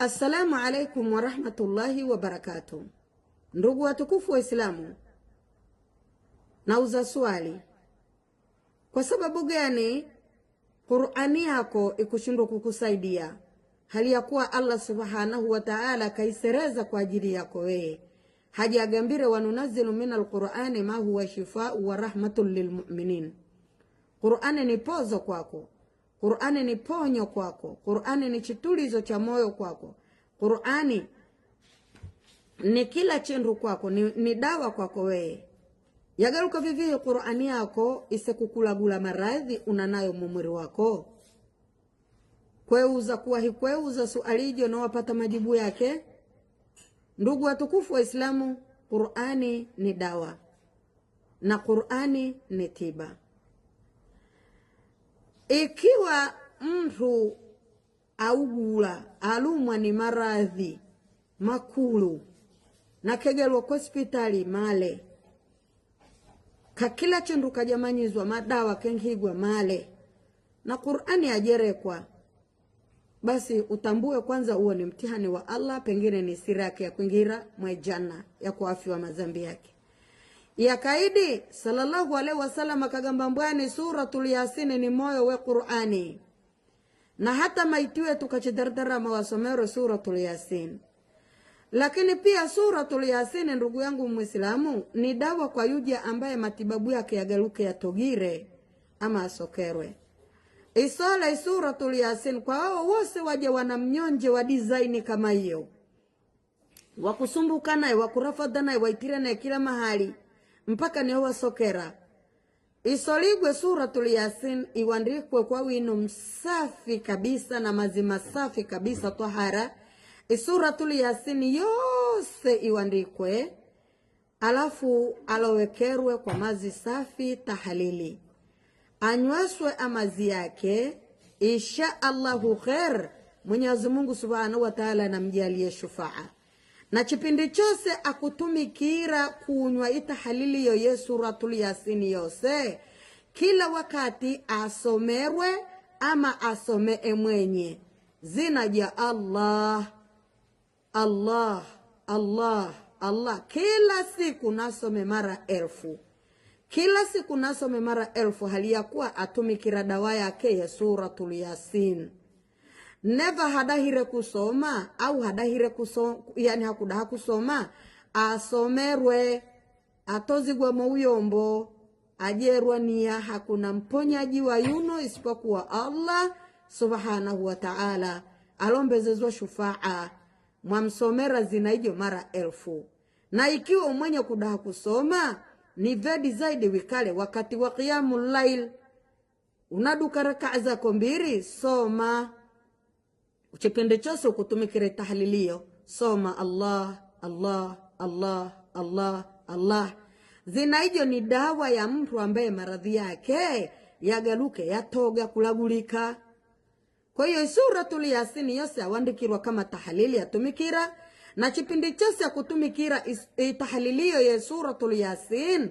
Assalamu alaikum warahmatullahi wabarakatu Ndugu watukufu Waislamu, nauza swali, kwa sababu gani Qur'ani yako ikushindwa kukusaidia hali ya kuwa Allah subhanahu wa ta'ala kaisereza kwa ajili yako wewe? agambire wanunazilu min alqurani ma huwa shifau wa rahmatun lilmuminin, Qur'ani ni pozo kwako Qur'ani ni ponyo kwako, Qur'ani ni chitulizo cha moyo kwako, Qur'ani ni kila chindu kwako, ni, ni dawa kwako wewe. Yagaruka vivi Qur'ani yako isekukulagula maradhi unanayo mumwiri wako kweuza kuwahi kweuza sualijo nawapata majibu yake. Ndugu watukufu Waislamu, Qur'ani ni dawa na Qur'ani ni tiba. Ikiwa mtu augula alumwa ni maradhi makulu nakegelwa hospitali male kakila chindu kajamanyizwa madawa kenghigwa male na Qur'ani ajerekwa, basi utambue kwanza, huo ni mtihani wa Allah, pengine ni sira yake ya kuingira mwejana ya kuafiwa mazambi yake ya kaidi sallallahu alaihi wasallam akagamba mbwani suratul yasini ni moyo we qur'ani na hata maiti wetu kachidardarama wasomero suratul yasin lakini pia suratul yasini ndugu yangu mwislamu ni dawa kwa yuja ambaye matibabu yake yagaluke yatogire ama asokerwe isole suratul yasin kwa wao wose waje wana mnyonje wa dizaini kama hiyo wakusumbuka naye wakurafadha naye waitira naye kila mahali mpaka niowasokera isoligwe Suratul Yasin iwandikwe kwa wino msafi kabisa na mazi masafi kabisa tahara. Suratul Yasin yose iwandikwe, alafu alowekerwe kwa mazi safi tahalili, anyweswe amazi yake insha allahu khair. Mwenyezi Mungu subhanahu wa taala anamjalie shufaa na chipindi chose akutumikira kunywa itahalili yoye suratul yasini yose kila wakati asomerwe ama asomee mwenye zina ja Allah Allah Allah Allah kila siku nasome mara elfu kila siku nasome mara elfu hali ya kuwa atumikira dawa yake ya suratul yasin never hadahire kusoma au hadahire kusoma, yani hakudaha kusoma asomerwe atozigwe mouyombo ajerwa niya hakuna mponyaji wa yuno isipokuwa Allah subhanahu wa ta'ala alombezezwa shufaa mwamsomera zinaijo mara elfu na ikiwa mwenye kudaha kusoma ni vedi zaidi wikale wakati wa qiyamul lail unaduka rakaa zako mbili soma uchipende chose ukutumikire tahliliyo soma allah allah allah allah allah zina ijo ni dawa ya mtu ambaye maradhi yake yagaluke yatoga kulagulika kwa hiyo suratul yasini yose awandikirwa kama tahalili yatumikira na chipindi chose akutumikira e, tahaliliyo ye suratul yasin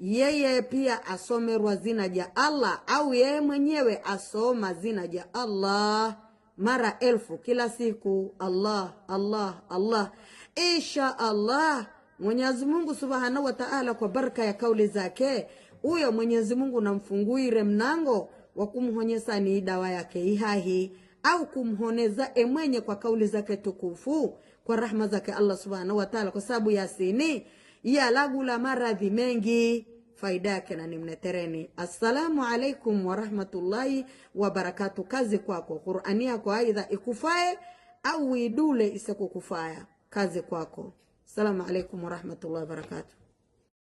yeye pia asomerwa zina ja allah au yeye mwenyewe asoma zina ja allah mara elfu kila siku, Allah Allah Allah, insha Allah. Mwenyezi Mungu Subhanahu wa Ta'ala, kwa baraka ya kauli zake, huyo Mwenyezi Mungu namfunguire mnango wa kumhonyesa ni dawa yake ihahi au kumhoneza emwenye kwa kauli zake tukufu, kwa rahma zake Allah Subhanahu wa Ta'ala, kwa sababu yasini yalagula maradhi mengi faida yake na nimnetereni. Assalamu alaikum warahmatullahi wabarakatu. Kazi kwako, Qurani yako aidha ikufae au idule isikukufaya. Kazi kwako. Assalamu alaikum warahmatullahi wabarakatu.